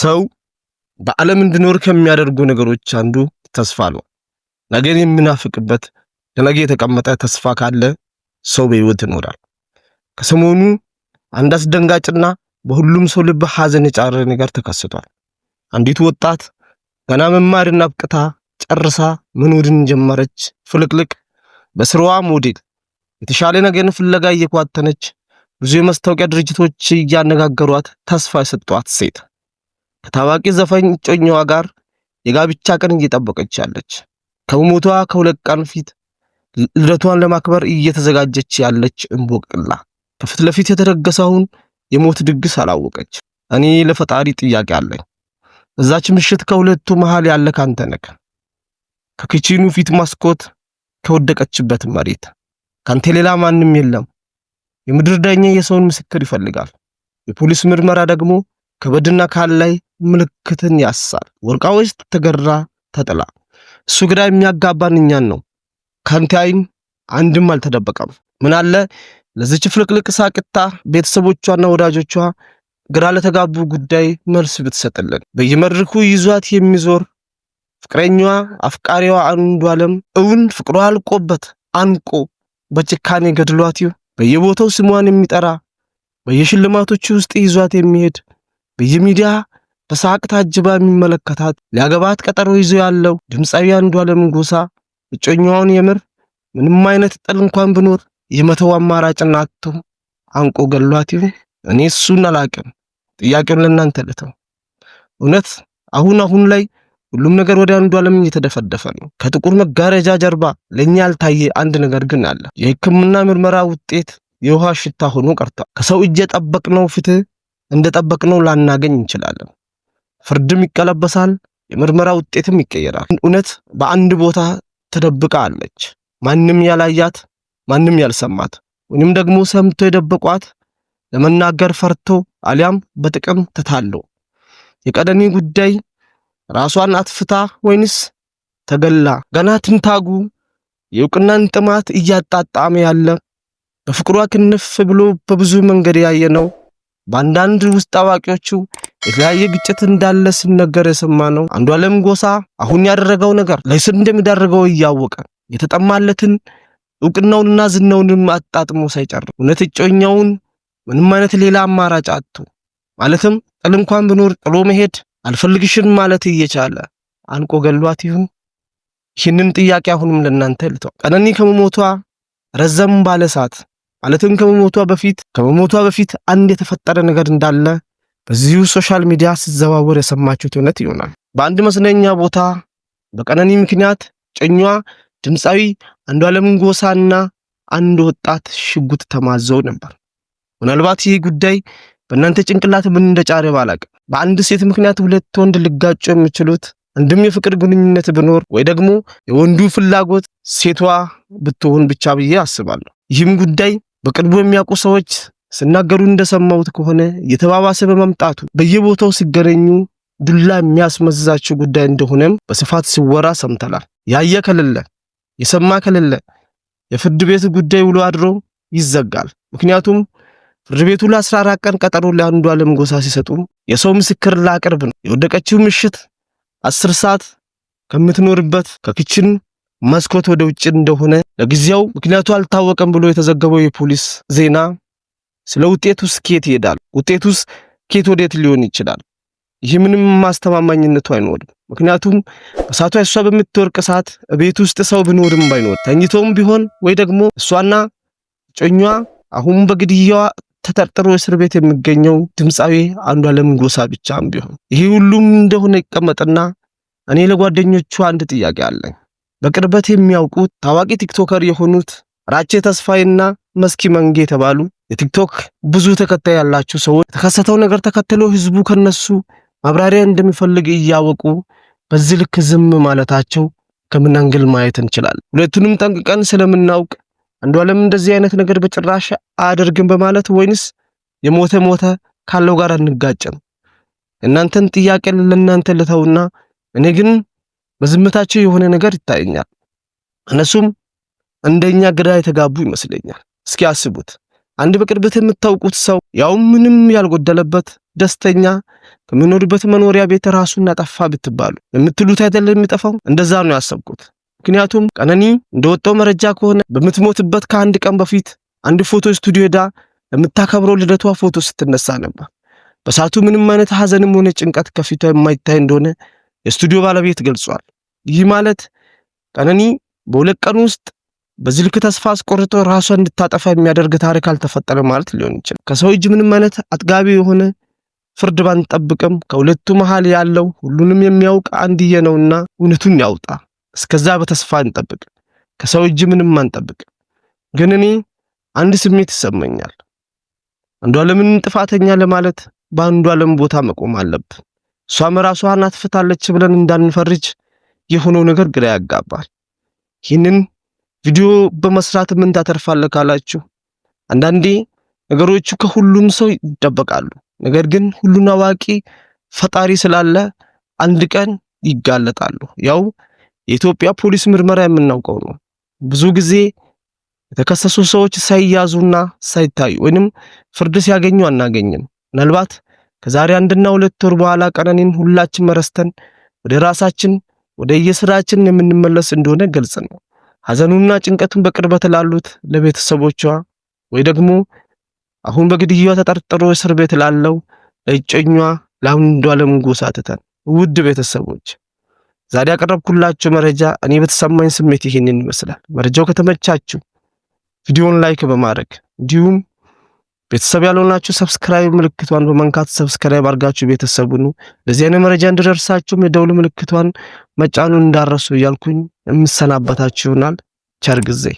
ሰው በዓለም እንዲኖር ከሚያደርጉ ነገሮች አንዱ ተስፋ ነው። ነገን የምናፍቅበት ለነገ የተቀመጠ ተስፋ ካለ ሰው በህይወት ይኖራል። ከሰሞኑ አንድ አስደንጋጭና በሁሉም ሰው ልብ ሐዘን የጫረ ነገር ተከስቷል። አንዲት ወጣት ገና መማርና አብቅታ ጨርሳ መኖርን ጀመረች ፍልቅልቅ። በስራዋ ሞዴል የተሻለ ነገርን ፍለጋ እየኳተነች ብዙ የማስታወቂያ ድርጅቶች እያነጋገሯት ተስፋ የሰጧት ሴት ከታዋቂ ዘፋኝ እጮኛዋ ጋር የጋብቻ ቀን እየጠበቀች ያለች ከመሞቷ ከሁለት ቀን ፊት ልደቷን ለማክበር እየተዘጋጀች ያለች እንቦቅላ ከፊት ለፊት የተደገሰውን የሞት ድግስ አላወቀች። እኔ ለፈጣሪ ጥያቄ አለኝ። እዛች ምሽት ከሁለቱ መሃል ያለ ካንተ ነክ ከኪቺኑ ፊት ማስኮት፣ ከወደቀችበት መሬት ካንተ ሌላ ማንም የለም። የምድር ዳኛ የሰውን ምስክር ይፈልጋል። የፖሊስ ምርመራ ደግሞ ከበድና ካል ላይ ምልክትን ያሳል። ወርቃዎች ተገራ ተጥላ እሱ ግዳ የሚያጋባን እኛን ነው። ከአንተ አይን አንድም አልተደበቀም። አለ ለዚች ፍልቅልቅ ሳቅታ ቤተሰቦቿና ወዳጆቿ ግራ ለተጋቡ ጉዳይ መልስ ብትሰጥልን። በየመድረኩ ይዟት የሚዞር ፍቅረኛዋ አፍቃሪዋ አንዱ ዓለም እውን ፍቅሯ አልቆበት አንቆ በጭካኔ ገድሏት በየቦታው ስሟን የሚጠራ በየሽልማቶቹ ውስጥ ይዟት የሚሄድ በየሚዲያ በሳቅ ታጅባ የሚመለከታት ሊያገባት ቀጠሮ ይዞ ያለው ድምፃዊ አንዷለም ጎሳ እጮኛውን የምር ምንም አይነት ጥል እንኳን ብኖር የመተው አማራጭ እናቶ አንቆ ገሏት ይሁን እኔ እሱን አላቅም። ጥያቄውን ለእናንተ ልተው። እውነት አሁን አሁን ላይ ሁሉም ነገር ወደ አንዷለም እየተደፈደፈ ነው። ከጥቁር መጋረጃ ጀርባ ለእኛ ያልታየ አንድ ነገር ግን አለ። የሕክምና ምርመራ ውጤት የውሃ ሽታ ሆኖ ቀርቷል። ከሰው እጅ የጠበቅነው ፍትህ እንደጠበቅነው ላናገኝ እንችላለን። ፍርድም ይቀለበሳል፣ የምርመራ ውጤትም ይቀየራል። እውነት በአንድ ቦታ ተደብቃ አለች። ማንም ያላያት፣ ማንም ያልሰማት ወይም ደግሞ ሰምቶ የደበቋት ለመናገር ፈርቶ አሊያም በጥቅም ተታለው የቀነኒ ጉዳይ ራሷን አጥፍታ ወይንስ ተገላ ገና ትንታጉ የእውቅናን ጥማት እያጣጣመ ያለ በፍቅሯ ክንፍ ብሎ በብዙ መንገድ ያየ ነው። በአንዳንድ ውስጥ አዋቂዎቹ የተለያየ ግጭት እንዳለ ሲነገር የሰማ ነው። አለም ጎሳ አሁን ያደረገው ነገር ለእስር እንደሚዳርገው እያወቀ የተጠማለትን እውቅናውንና ዝናውንም አጣጥሞ ሳይጨርም እውነት እጮኛውን ምንም አይነት ሌላ አማራጭ አጥቶ ማለትም ጥል እንኳን ብኖር ጥሎ መሄድ አልፈልግሽን ማለት እየቻለ አንቆ ገሏት ይሁን። ይህንን ጥያቄ አሁንም ለእናንተ ልተዋል። ቀነኒ ከመሞቷ ረዘም ባለ ሰዓት ማለትም ከመሞቷ በፊት ከመሞቷ በፊት አንድ የተፈጠረ ነገር እንዳለ በዚሁ ሶሻል ሚዲያ ስትዘዋወር የሰማችሁት እውነት ይሆናል። በአንድ መዝናኛ ቦታ በቀነኒ ምክንያት ጭኟ ድምፃዊ አንዷለም ጎሳና አንድ ወጣት ሽጉጥ ተማዘው ነበር። ምናልባት ይህ ጉዳይ በእናንተ ጭንቅላት ምን እንደጫረ ባላቅ። በአንድ ሴት ምክንያት ሁለት ወንድ ሊጋጩ የሚችሉት አንድም የፍቅር ግንኙነት ብኖር ወይ ደግሞ የወንዱ ፍላጎት ሴቷ ብትሆን ብቻ ብዬ አስባለሁ። ይህም ጉዳይ በቅርቡ የሚያውቁ ሰዎች ሲናገሩ እንደሰማሁት ከሆነ የተባባሰ በመምጣቱ በየቦታው ሲገናኙ ዱላ የሚያስመዝዛቸው ጉዳይ እንደሆነም በስፋት ሲወራ ሰምተናል። ያየ ከሌለ የሰማ ከሌለ የፍርድ ቤት ጉዳይ ውሎ አድሮ ይዘጋል። ምክንያቱም ፍርድ ቤቱ ለ14 ቀን ቀጠሮ ለአንዱ ዓለም ጎሳ ሲሰጡ የሰው ምስክር ላቅርብ ነው የወደቀችው ምሽት አስር ሰዓት ከምትኖርበት ከክችን መስኮት ወደ ውጭ እንደሆነ ለጊዜው ምክንያቱ አልታወቀም ብሎ የተዘገበው የፖሊስ ዜና ስለ ውጤቱ ስኬት ይሄዳል። ውጤቱስ ኬት ወዴት ሊሆን ይችላል? ይህ ምንም ማስተማማኝነቱ አይኖርም። ምክንያቱም እሳቷ እሷ በምትወርቅ ሰዓት ቤት ውስጥ ሰው ቢኖርም ባይኖር ተኝቶም ቢሆን ወይ ደግሞ እሷና ጮኛ አሁን በግድያዋ ተጠርጥሮ እስር ቤት የሚገኘው ድምፃዊ አንዷለም ጎሳ ብቻም ቢሆን ይሄ ሁሉም እንደሆነ ይቀመጥና እኔ ለጓደኞቹ አንድ ጥያቄ አለኝ። በቅርበት የሚያውቁት ታዋቂ ቲክቶከር የሆኑት ራቼ ተስፋይና መስኪ መንጌ የተባሉ የቲክቶክ ብዙ ተከታይ ያላቸው ሰዎች የተከሰተው ነገር ተከትሎ ህዝቡ ከነሱ ማብራሪያ እንደሚፈልግ እያወቁ በዚህ ልክ ዝም ማለታቸው ከምን አንግል ማየት እንችላለን? ሁለቱንም ጠንቅቀን ስለምናውቅ አንዷለም እንደዚህ አይነት ነገር በጭራሽ አያደርግም በማለት ወይንስ የሞተ ሞተ ካለው ጋር እንጋጭም? እናንተን ጥያቄ ለእናንተ ልተውና እኔ ግን በዝምታቸው የሆነ ነገር ይታየኛል። እነሱም እንደኛ ግራ የተጋቡ ይመስለኛል። እስኪ አስቡት አንድ በቅርበት የምታውቁት ሰው ያው ምንም ያልጎደለበት ደስተኛ ከሚኖርበት መኖሪያ ቤት ራሱን አጠፋ ብትባሉ የምትሉት አይደለም የሚጠፋው። እንደዛ ነው ያሰብኩት። ምክንያቱም ቀነኒ እንደወጣው መረጃ ከሆነ በምትሞትበት ከአንድ ቀን በፊት አንድ ፎቶ ስቱዲዮ ሄዳ የምታከብረው ልደቷ ፎቶ ስትነሳ ነበር። በሳቱ ምንም አይነት ሀዘንም ሆነ ጭንቀት ከፊቷ የማይታይ እንደሆነ የስቱዲዮ ባለቤት ገልጿል። ይህ ማለት ቀነኒ በሁለት ቀን ውስጥ በዚህ ልክ ተስፋ አስቆርጦ ራሷን እንድታጠፋ የሚያደርግ ታሪክ አልተፈጠረ ማለት ሊሆን ይችላል። ከሰው እጅ ምንም አይነት አጥጋቢ የሆነ ፍርድ ባንጠብቅም ከሁለቱ መሀል ያለው ሁሉንም የሚያውቅ አንድዬ ነውና እውነቱን ያውጣ። እስከዛ በተስፋ እንጠብቅ። ከሰው እጅ ምንም አንጠብቅ። ግን እኔ አንድ ስሜት ይሰማኛል። አንዷ ለምን ጥፋተኛ ለማለት በአንዷ ለምን ቦታ መቆም አለብን። እሷም ራሷን አጥፍታለች ብለን እንዳንፈርጅ የሆነው ነገር ግራ ያጋባል። ይህንን ቪዲዮ በመስራት ምን ታተርፋለህ ካላችሁ፣ አንዳንዴ ነገሮቹ ከሁሉም ሰው ይደበቃሉ። ነገር ግን ሁሉን አዋቂ ፈጣሪ ስላለ አንድ ቀን ይጋለጣሉ። ያው የኢትዮጵያ ፖሊስ ምርመራ የምናውቀው ነው። ብዙ ጊዜ የተከሰሱ ሰዎች ሳይያዙና ሳይታዩ ወይንም ፍርድ ሲያገኙ አናገኝም። ምናልባት ከዛሬ አንድና ሁለት ወር በኋላ ቀነኒን ሁላችን መረስተን ወደ ራሳችን ወደ የስራችን የምንመለስ እንደሆነ ገልጽ ነው። ሐዘኑና ጭንቀቱን በቅርበት ላሉት ለቤተሰቦቿ ወይ ደግሞ አሁን በግድያዋ ተጠርጥሮ እስር ቤት ላለው ለእጮኛ ለአንዷለም ጎሳ ትተን ውድ ቤተሰቦች ዛሬ ያቀረብኩላችሁ መረጃ እኔ በተሰማኝ ስሜት ይሄንን ይመስላል። መረጃው ከተመቻችሁ ቪዲዮን ላይክ በማድረግ እንዲሁም ቤተሰብ ያልሆናችሁ ሰብስክራይብ ምልክቷን በመንካት ሰብስክራይብ አድርጋችሁ ቤተሰቡን ለዚህ አይነት መረጃ እንዲደርሳችሁም የደውል ምልክቷን መጫኑን እንዳረሱ እያልኩኝ የምሰናበታችሁ ይሆናል። ቸር ጊዜ